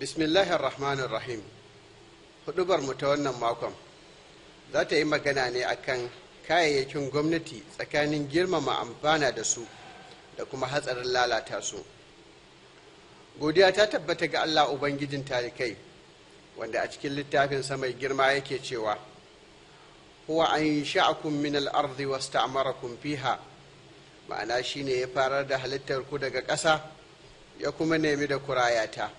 bismillahir rahmanir rahim hudubar mu ta wannan makon za ta yi magana ne akan kayayyakin gwamnati tsakanin girmama amfana da su da kuma hatsarin lalata su godiya ta tabbata ga allah ubangijin talikai wanda a cikin littafin mai girma yake cewa huwa an sha'akum min al-ardi wasta'marakum fiha ma'ana shine ya farar da halittar ku daga ƙasa ya kuma nemi da kurayata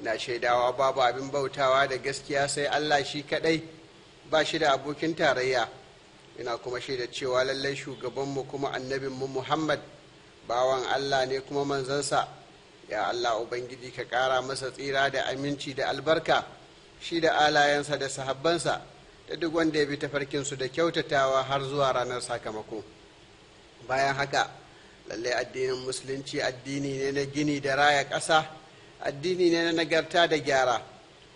ina shaidawa babu abin bautawa da gaskiya sai allah shi kadai ba shi da abokin tarayya ina kuma shaida cewa lallai shugabanmu kuma annabinmu muhammad bawan allah ne kuma manzansa ya allah ubangiji ka kara masa tsira da aminci da albarka shi da alayensa da sahabbansa da duk wanda ya bi tafarkinsu da kyautatawa har zuwa ranar sakamako bayan haka lallai addinin musulunci addini ne na gini da raya ƙasa addini ne na nagarta da gyara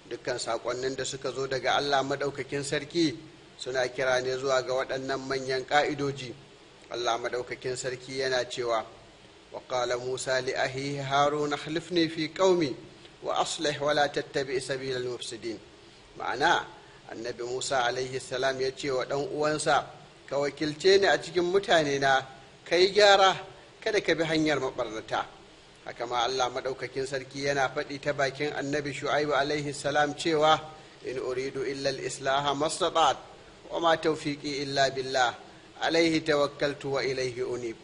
dukkan saƙonnin da suka zo daga allah maɗaukakin sarki suna kira ne zuwa ga waɗannan manyan ƙa'idoji allah maɗaukakin sarki yana cewa Musa وقال موسى لأهيه هارون اخلفني في wa وأصلح ولا تتبع سبيل المفسدين Ma'ana annabi musa alaihi salam ya ce wa ɗan uwansa ka wakilce ni a cikin mutane na yi gyara kada ka bi hanyar maɓarnata haka ma Allah madaukakin sarki yana faɗi ta bakin annabi shu'aibu alaihi salam cewa in uridu illa al-islaha mastata'at wa ma tawfiqi illa billah alaihi tawakkaltu wa ilaihi unib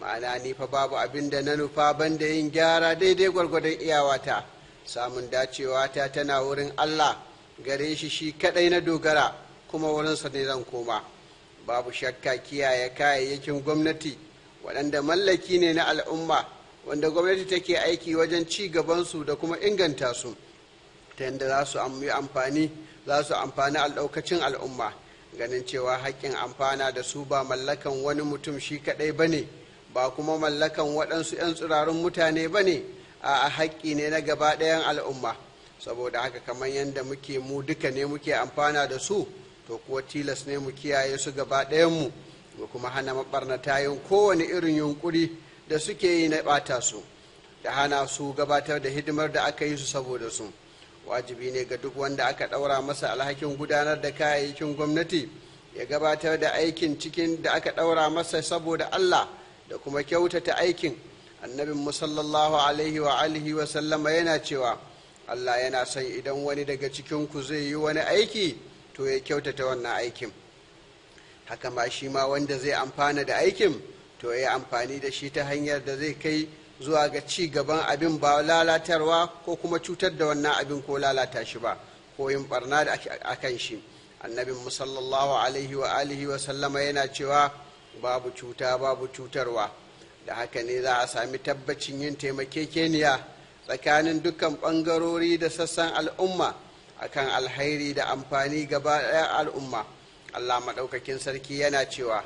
ma'ana ni fa babu abin da na nufa banda yin gyara daidai gwargwadon iyawata samun dacewa ta tana wurin Allah gare shi shi kadai na dogara kuma wurinsa ne zan koma babu shakka kiyaye kayayyakin gwamnati waɗanda mallaki ne na al'umma wanda gwamnati take aiki wajen ci gabansu da kuma inganta su ta yadda za su yi amfani za su amfani al'aukacin al'umma ganin cewa haƙƙin amfana da su ba mallakan wani mutum shi kaɗai ba ne ba kuma mallakan waɗansu 'yan tsirarun mutane ba ne a haƙƙi ne na gaba ɗayan al'umma saboda haka kamar yadda muke mu duka ne muke amfana da su to kuwa tilas ne mu kiyaye su gaba ɗayanmu mu kuma hana maɓarnata yin kowane irin yunƙuri da suke yi na bata su da hana su gabatar da hidimar da aka yi su saboda su wajibi ne ga duk wanda aka ɗaura masa alhakin gudanar da kayayyakin gwamnati ya gabatar da aikin cikin da aka ɗaura masa saboda allah da kuma kyautata aikin annabin musallallahu alaihi wa alihi wa sallama yana cewa allah yana son idan wani daga cikin ku zai yi wani aiki to ya kyautata wannan aikin haka ma shi ma wanda zai amfana da aikin to ya amfani da shi ta hanyar da zai kai zuwa ga ci gaban abin ba lalatarwa ko kuma cutar da wannan abin ko lalata shi ba ko yin barna da akan shi annabin musallallahu alaihi wa alihi wa sallama yana cewa babu cuta babu cutarwa da haka ne za a sami tabbacin yin taimakekeniya tsakanin dukkan ɓangarori da sassan al'umma akan alhairi da amfani gaba daya al'umma allah maɗaukakin sarki yana cewa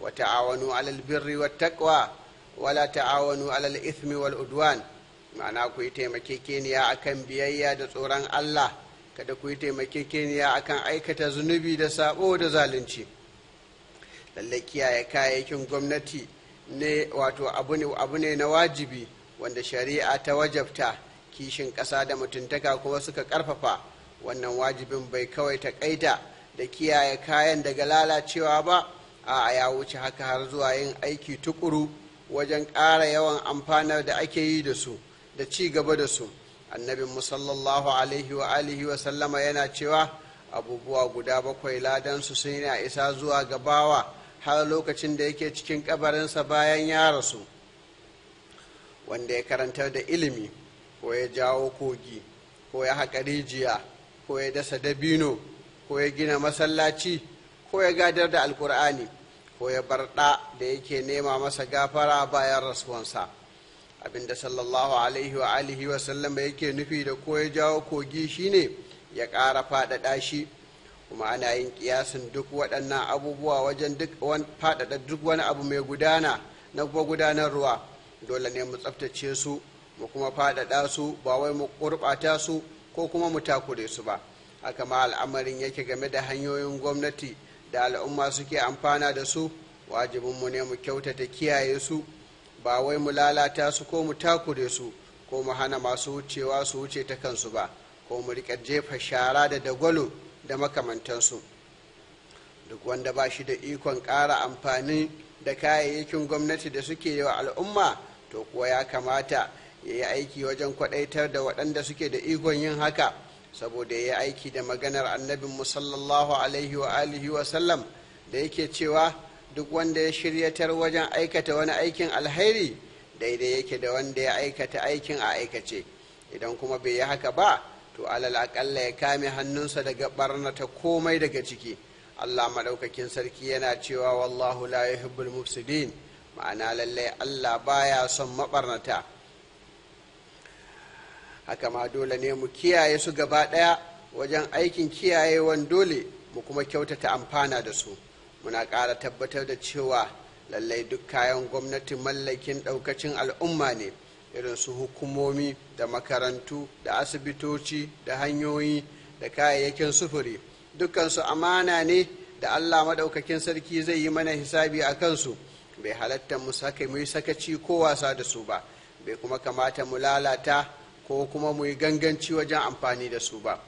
وتعاونوا على البر والتقوى ولا تعاونوا على الإثم والعدوان ma'ana ku yi taimakekeniya akan biyayya da tsoron Allah kada ku yi taimakekeniya akan aikata zunubi da saɓo da zalunci lallai kiyaye kayayyakin gwamnati ne wato abu ne na wajibi wanda shari'a ta wajabta kishin ƙasa da mutuntaka kuma suka ƙarfafa wannan wajibin bai kawai ta taƙaita da kiyaye kayan daga lalacewa ba a ya wuce haka har zuwa yin aiki tukuru wajen ƙara yawan amfanar da ake yi da su da ci gaba da su annabi musallallahu alaihi wa alihi wa sallama yana cewa abubuwa guda bakwai Ladan su sun yana isa zuwa gabawa har lokacin da yake cikin kabarinsa bayan ya rasu wanda ya karantar da ilimi ko ya jawo kogi ko ya haƙa rijiya ko ya dasa dabino ko ya gina masallaci ko ya gadar da alkur'ani ko ya bar ɗa da yake nema masa gafara bayan rasuwansa abinda sallallahu alaihi wa alihi wa sallama yake nufi da ko ya jawo kogi shine ya ƙara faɗaɗa shi kuma ana yin ƙiyasin duk waɗannan abubuwa wajen duk faɗaɗa duk wani abu mai gudana na kuma gudanar ruwa dole ne mu tsaftace su mu kuma faɗaɗa su ba wai mu ƙurɓata su ko kuma mu takure su ba haka ma al'amarin yake game da hanyoyin gwamnati da al'umma suke amfana da su wajibinmu ne mu kyautata kiyaye su ba wai mu lalata su ko mu takure su ko mu hana masu wucewa su wuce ta kansu ba ko mu riƙa jefa shara da dagwalo da makamantansu duk wanda ba shi da ikon ƙara amfani da kayayyakin gwamnati da suke yi wa al'umma to kuwa ya kamata ya yi aiki wajen kwaɗaitar da waɗanda suke da ikon yin haka saboda ya aiki da maganar annabin musallallahu alaihi wa alihi wa sallam da yake cewa duk wanda ya shiryatar wajen aikata wani aikin alhairi daidai yake da wanda ya aikata aikin a aikace idan kuma bai yi haka ba to alal akalla ya kame hannunsa daga barnata komai daga ciki allah maɗaukakin sarki yana cewa wallahu la yuhibbul mufsidin ma'ana lallai allah baya son maɓarnata haka ma dole ne mu kiyaye su gaba ɗaya wajen aikin kiyayewan dole mu kuma kyautata amfana da su muna ƙara tabbatar da cewa lallai duk kayan gwamnati mallakin ɗaukacin al'umma ne irin su hukumomi da makarantu da asibitoci da hanyoyi da kayayyakin sufuri dukansu amana ne da allah maɗaukakin sarki zai yi mana hisabi a kansu bai halatta mu sakaci ko wasa da su ba bai kuma kamata mu lalata ko kuma mu yi ganganci wajen amfani da su ba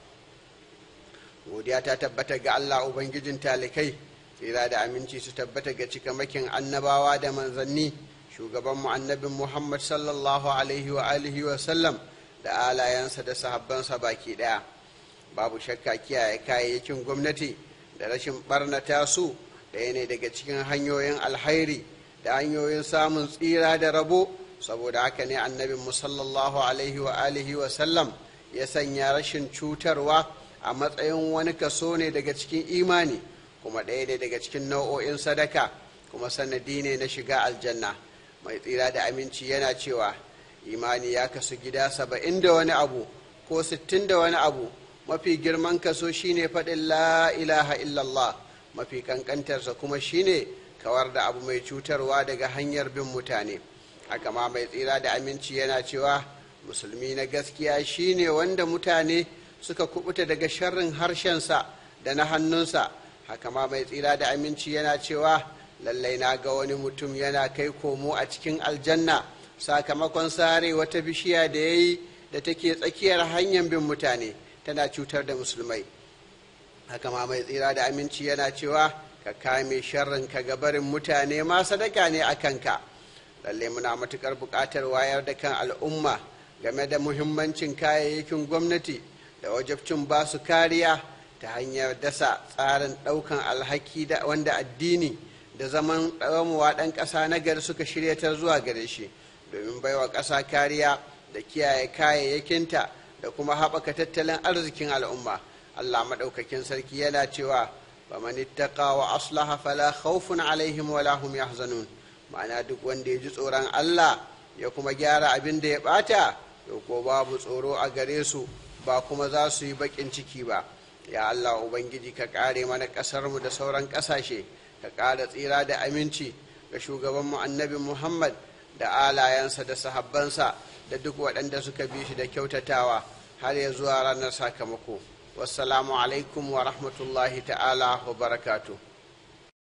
godiya ta tabbata ga allah ubangijin talikai tsira da aminci su tabbata ga cikamakin annabawa da manzanni mu annabin muhammad sallallahu alaihi wa alihi wa sallam da alayensa da sahabbansa baki daya babu shakka kiyaye kayayyakin gwamnati da rashin barnata su ɗaya ne daga cikin hanyoyin alhairi da hanyoyin samun tsira da rabo saboda haka ne annabin musallallahu alaihi wa alihi wa sallam ya sanya rashin cutarwa a matsayin wani kaso ne daga cikin imani kuma ɗaya ne daga cikin nau'o'in sadaka kuma sanadi ne na shiga aljanna mai tsira da aminci yana cewa imani ya kasu gida saba'in da wani abu ko sittin da wani abu mafi girman kaso shine faɗin la ilaha illallah mafi kankantarsa kuma shine kawar da abu mai cutarwa daga hanyar bin mutane haka ma mai tsira da aminci yana cewa musulmi na gaskiya shine wanda mutane suka kubuta daga sharrin harshensa da na hannunsa haka ma mai tsira da aminci yana cewa lallai na ga wani mutum yana kai komo a cikin aljanna sakamakon sare wata bishiya da ya yi da take tsakiyar hanyar bin mutane tana cutar da musulmai haka ma mai tsira da aminci yana cewa ka kame sharrin ka gabarin mutane ma sadaka ne a kanka lalle muna matukar buƙatar wayar da kan al'umma game da muhimmancin kayayyakin gwamnati da wajabcin ba su kariya ta hanyar dasa tsarin ɗaukan alhaki da wanda addini da zaman ɗawamuwa ɗan ƙasa na gari suka shirya ta zuwa gare shi domin baiwa ƙasa kariya da kiyaye kayayyakinta da kuma haɓaka tattalin arzikin al'umma allah maɗaukakin sarki yana cewa faman ittaqa wa aslaha fala khawfun alaihim wala hum yahzanun ma'ana duk wanda ya ji tsoron Allah ya kuma gyara abin da ya bata to ko babu tsoro a gare su ba kuma za su yi bakin ciki ba ya Allah ubangiji ka kare mana kasar mu da sauran kasashe ka ƙara tsira da aminci ga shugaban mu annabi Muhammad da alayansa da sahabbansa da duk waɗanda suka bi shi da kyautatawa har ya zuwa ranar sakamako wassalamu alaikum wa rahmatullahi ta'ala wa barakatuh